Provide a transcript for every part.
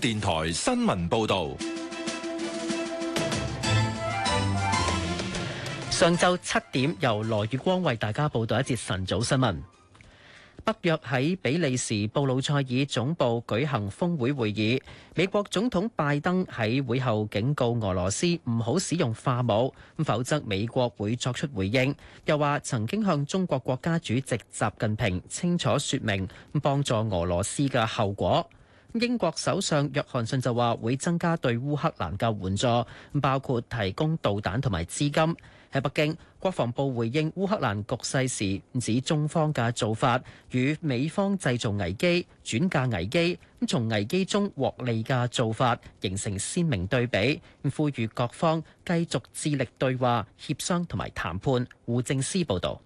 電台新聞報道：上晝七點，由羅月光為大家報道一節晨早新聞。北約喺比利時布魯塞爾總部舉行峰會會議，美國總統拜登喺會後警告俄羅斯唔好使用化武，咁否則美國會作出回應。又話曾經向中國國家主席習近平清楚說明咁幫助俄羅斯嘅後果。英國首相約翰遜就話會增加對烏克蘭嘅援助，包括提供導彈同埋資金。喺北京，國防部回應烏克蘭局勢時，指中方嘅做法與美方製造危機、轉嫁危機、咁從危機中獲利嘅做法形成鮮明對比，呼籲各方繼續致力對話、協商同埋談判。胡政司報道。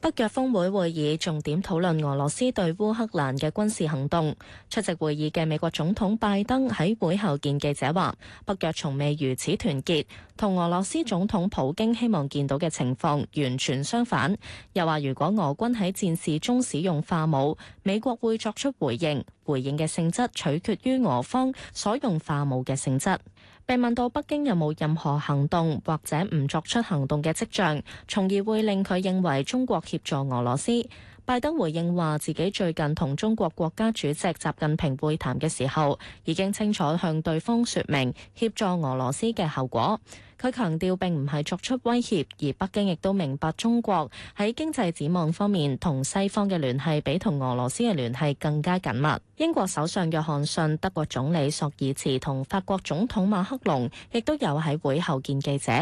北約峰會會議重點討論俄羅斯對烏克蘭嘅軍事行動。出席會議嘅美國總統拜登喺會後見記者話，北約從未如此團結，同俄羅斯總統普京希望見到嘅情況完全相反。又話，如果俄軍喺戰事中使用化武，美國會作出回應，回應嘅性質取決於俄方所用化武嘅性質。被問到北京有冇任何行動或者唔作出行動嘅跡象，從而會令佢認為中國協助俄羅斯。拜登回應話，自己最近同中國國家主席習近平會談嘅時候，已經清楚向對方說明協助俄羅斯嘅後果。佢強調，並唔係作出威脅，而北京亦都明白中國喺經濟展望方面同西方嘅聯繫比同俄羅斯嘅聯繫更加緊密。英國首相約翰遜、德國總理索爾茨同法國總統馬克龍亦都有喺會後見記者。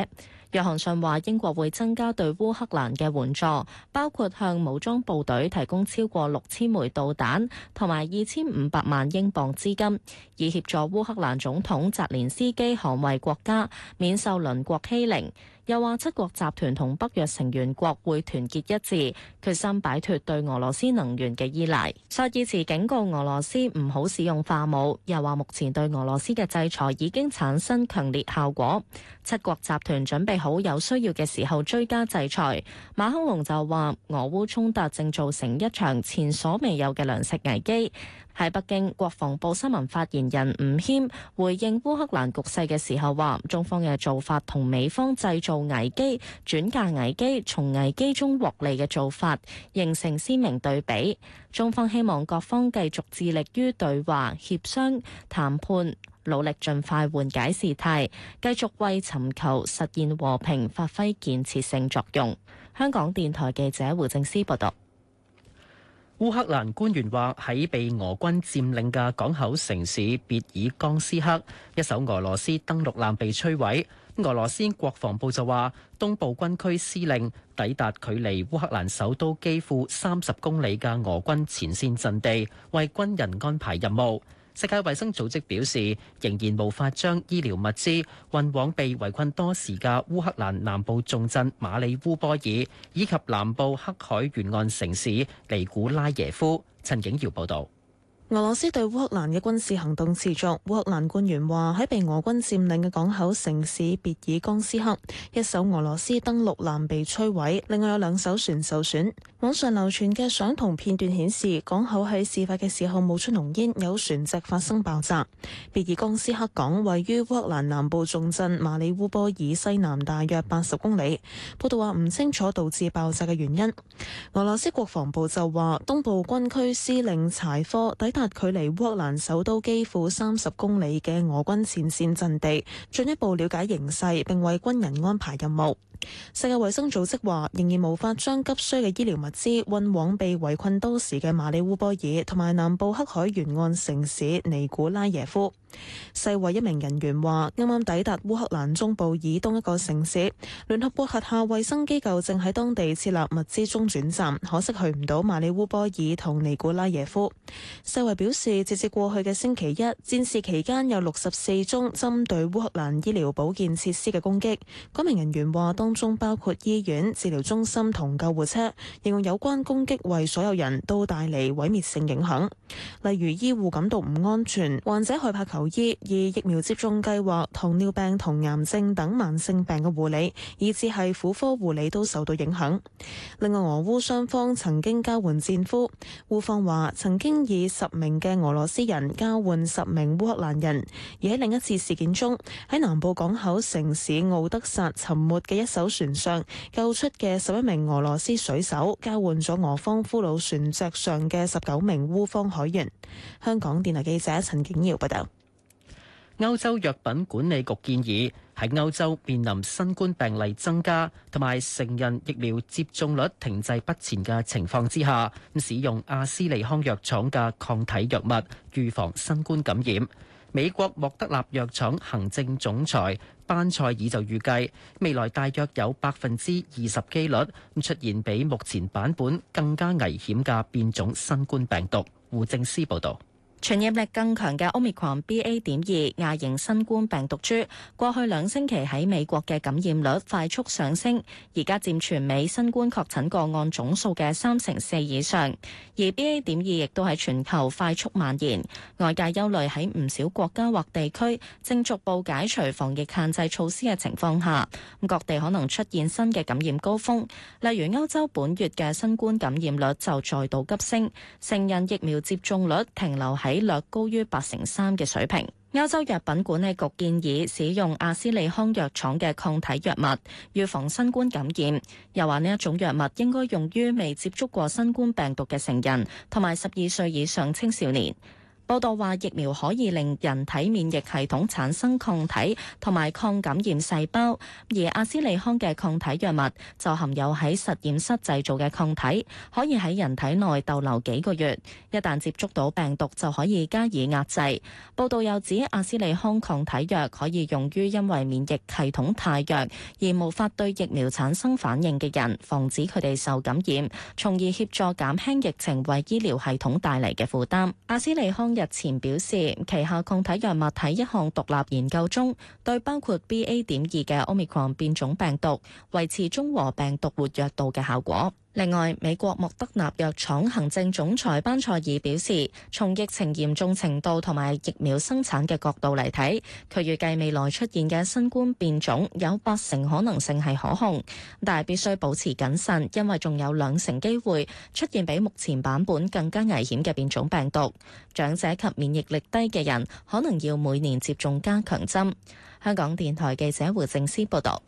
約翰遜話：英國會增加對烏克蘭嘅援助，包括向武裝部隊提供超過六千枚導彈，同埋二千五百萬英鎊資金，以協助烏克蘭總統澤連斯基捍衛國家，免受鄰國欺凌。又話七國集團同北約成員國會團結一致，決心擺脱對俄羅斯能源嘅依賴。索爾茨警告俄羅斯唔好使用化武，又話目前對俄羅斯嘅制裁已經產生強烈效果。七國集團準備好有需要嘅時候追加制裁。馬克龍就話俄烏衝突正造成一場前所未有嘅糧食危機。喺北京，國防部新聞發言人吳謙回應烏克蘭局勢嘅時候話，中方嘅做法同美方製造危機、轉嫁危機、從危機中獲利嘅做法形成鮮明對比。中方希望各方繼續致力於對話、協商、談判，努力盡快緩解事態，繼續為尋求實現和平發揮建設性作用。香港電台記者胡正思報道。烏克蘭官員話喺被俄軍佔領嘅港口城市別爾江斯克，一艘俄羅斯登陸艦被摧毀。俄羅斯國防部就話，東部軍區司令抵達距離烏克蘭首都基輔三十公里嘅俄軍前線陣地，為軍人安排任務。世界衛生組織表示，仍然無法將醫療物資運往被圍困多時嘅烏克蘭南部重鎮馬里烏波爾，以及南部黑海沿岸城市尼古拉耶夫。陳景耀報道。俄羅斯對烏克蘭嘅軍事行動持續。烏克蘭官員話喺被俄軍佔領嘅港口城市別爾江斯克，一艘俄羅斯登陸艦被摧毀，另外有兩艘船受損。網上流傳嘅相同片段顯示，港口喺事發嘅時候冒出濃煙，有船隻發生爆炸。別爾江斯克港位於烏克蘭南部重鎮馬里烏波爾西南大約八十公里。報道話唔清楚導致爆炸嘅原因。俄羅斯國防部就話，東部軍區司令柴科抵達。距離烏克蘭首都基輔三十公里嘅俄軍前線陣地，進一步了解形勢，並為軍人安排任務。世界衛生組織話仍然無法將急需嘅醫療物資運往被圍困多時嘅馬里烏波爾同埋南部黑海沿岸城市尼古拉耶夫。世衛一名人員話，啱啱抵達烏克蘭中部以東一個城市，聯合國轄下衛生機構正喺當地設立物資中轉站，可惜去唔到馬里烏波爾同尼古拉耶夫。世衛表示，截至過去嘅星期一，戰事期間有六十四宗針對烏克蘭醫療保健設施嘅攻擊。嗰名人員話，當當中包括醫院、治療中心同救護車，形容有關攻擊為所有人都帶嚟毀滅性影響。例如醫護感到唔安全，患者害怕求醫，以疫苗接種計劃、糖尿病同癌症等慢性病嘅護理，以至係婦科護理都受到影響。另外俄烏雙方曾經交換戰俘，烏方話曾經以十名嘅俄羅斯人交換十名烏克蘭人，而喺另一次事件中，喺南部港口城市敖德薩沉沒嘅一艘船上救出嘅十一名俄羅斯水手，交換咗俄方俘虜船隻上嘅十九名烏方海員。香港電台記者陳景瑤報道。歐洲藥品管理局建議喺歐洲面臨新冠病例增加同埋成人疫苗接種率停滯不前嘅情況之下，使用阿斯利康藥廠嘅抗體藥物預防新冠感染。美國莫德納藥廠行政總裁。班塞爾就預計未來大約有百分之二十機率出現比目前版本更加危險嘅變種新冠病毒。胡正思報導。傳染力更強嘅 Omicron BA. 點二亞型新冠病毒株，過去兩星期喺美國嘅感染率快速上升，而家佔全美新冠確診個案總數嘅三成四以上。而 BA. 點二亦都喺全球快速蔓延，外界憂慮喺唔少國家或地區正逐步解除防疫限制措施嘅情況下，各地可能出現新嘅感染高峰。例如歐洲本月嘅新冠感染率就再度急升，成人疫苗接種率停留喺比率高於八成三嘅水平。歐洲藥品管理局建議使用阿斯利康藥廠嘅抗體藥物預防新冠感染，又話呢一種藥物應該用於未接觸過新冠病毒嘅成人同埋十二歲以上青少年。報道話疫苗可以令人體免疫系統產生抗體同埋抗感染細胞，而阿斯利康嘅抗體藥物就含有喺實驗室製造嘅抗體，可以喺人體內逗留幾個月，一旦接觸到病毒就可以加以壓制。報道又指阿斯利康抗體藥可以用於因為免疫系統太弱而無法對疫苗產生反應嘅人，防止佢哋受感染，從而協助減輕疫情為醫療系統帶嚟嘅負擔。阿斯利康日前表示，旗下抗體藥物體一項獨立研究中，對包括 B A. 點二嘅 Omicron 變種病毒維持中和病毒活躍度嘅效果。另外，美國莫德納藥、藥廠行政總裁班賽爾表示，從疫情嚴重程度同埋疫苗生產嘅角度嚟睇，佢預計未來出現嘅新冠變種有八成可能性係可控，但係必須保持謹慎，因為仲有兩成機會出現比目前版本更加危險嘅變種病毒。長者及免疫力低嘅人可能要每年接種加強針。香港電台記者胡靜思報道。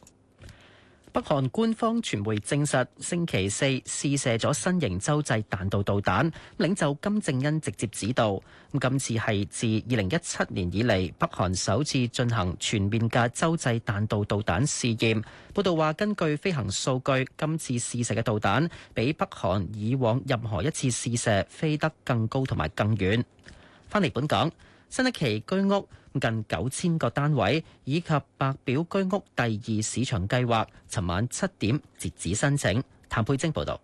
北韓官方傳媒證實，星期四試射咗新型洲際彈道導彈，領袖金正恩直接指導。今次係自二零一七年以嚟北韓首次進行全面嘅洲際彈道導彈試驗。報道話，根據飛行數據，今次試射嘅導彈比北韓以往任何一次試射飛得更高同埋更遠。翻嚟本港。新一期居屋近九千個單位，以及白表居屋第二市場計劃尋晚七點截止申請，譚佩晶報道。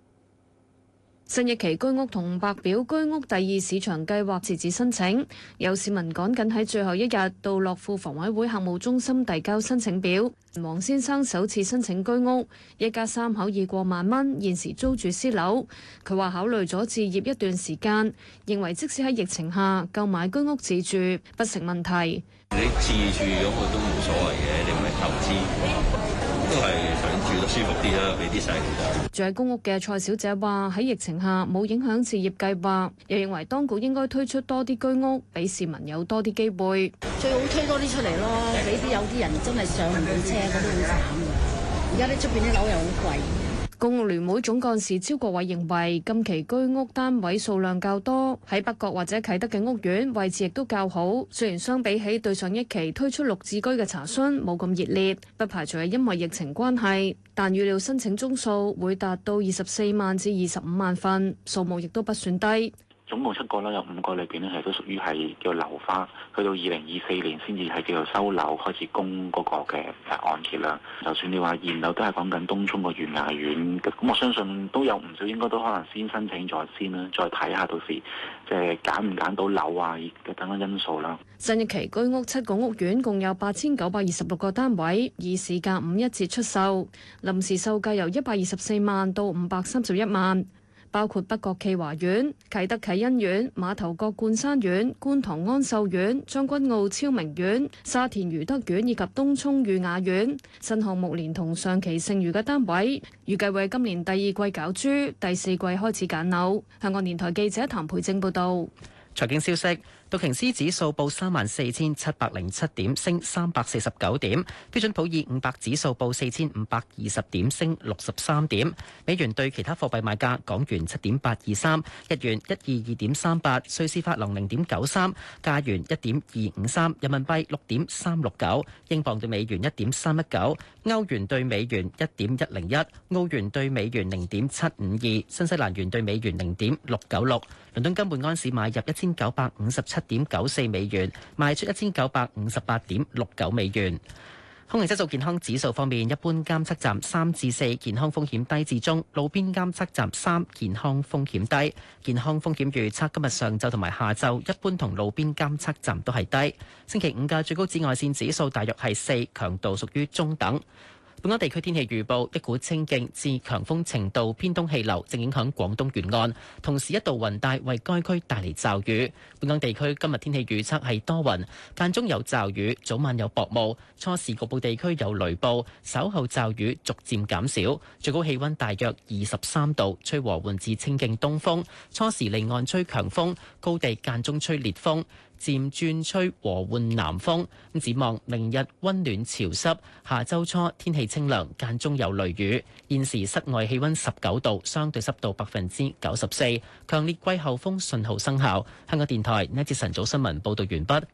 新一期居屋同白表居屋第二市場計劃截止申請，有市民趕緊喺最後一日到樂富房委會客務中心遞交申請表。王先生首次申請居屋，一家三口已過萬蚊，現時租住私樓。佢話考慮咗置業一段時間，認為即使喺疫情下購買居屋自住不成問題。你自住咁佢都無所謂嘅，你唔係投資都係。舒服啲啦，俾啲使。住喺公屋嘅蔡小姐話：喺疫情下冇影響置業計劃，又認為當局應該推出多啲居屋，俾市民有多啲機會。最好推多啲出嚟咯，俾啲有啲人真係上唔到車，佢都好慘嘅。而家啲出邊啲樓又好貴。公屋聯會總幹事招國偉認為，近期居屋單位數量較多，喺北角或者啟德嘅屋苑位置亦都較好。雖然相比起對上一期推出綠置居嘅查詢冇咁熱烈，不排除係因為疫情關係，但預料申請宗數會達到二十四萬至二十五萬份，數目亦都不算低。總共七個啦，有五個裏邊咧係都屬於係叫做樓花，去到二零二四年先至係叫做收樓開始供嗰個嘅誒按揭啦。 就算你話現樓都係講緊東涌個懸崖苑，咁我相信都有唔少，應該都可能先申請再先啦，再睇下到時即係揀唔揀到樓啊嘅等等因素啦。新一期居屋七個屋苑共有八千九百二十六個單位，以市價五一折出售，臨時售價由一百二十四萬到五百三十一萬。包括北角暨華苑、啟德啟欣苑、馬頭角冠山苑、觀塘安秀苑、將軍澳超明苑、沙田愉德苑以及東涌裕雅苑，新項目連同上期剩餘嘅單位，預計為今年第二季攪珠，第四季開始揀樓。香港電台記者譚培正報道。財經消息。道瓊斯指數報三萬四千七百零七點，升三百四十九點。標準普爾五百指數報四千五百二十點，升六十三點。美元對其他貨幣賣價：港元七點八二三，日元一二二點三八，瑞士法郎零點九三，加元一點二五三，人民幣六點三六九，英鎊對美元一點三一九。歐元兌美元一點一零一，澳元兌美元零點七五二，新西蘭元兌美元零點六九六。倫敦金本安市買入一千九百五十七點九四美元，賣出一千九百五十八點六九美元。空氣質素健康指數方面，一般監測站三至四，健康風險低至中；路邊監測站三，健康風險低。健康風險預測今日上晝同埋下晝，一般同路邊監測站都係低。星期五嘅最高紫外線指數大約係四，強度屬於中等。本港地區天氣預報，一股清勁至強風程度偏東氣流正影響廣東沿岸，同時一道雲帶為該區帶嚟驟雨。本港地區今日天氣預測係多雲，間中有驟雨，早晚有薄霧，初時局部地區有雷暴，稍後驟雨逐漸減少，最高氣溫大約二十三度，吹和緩至清勁東風，初時離岸吹強風，高地間中吹烈風。漸轉吹和緩南風，咁展望明日温暖潮濕，下周初天氣清涼，間中有雷雨。現時室外氣温十九度，相對濕度百分之九十四，強烈季候風信號生效。香港電台呢一節晨早新聞報道完畢。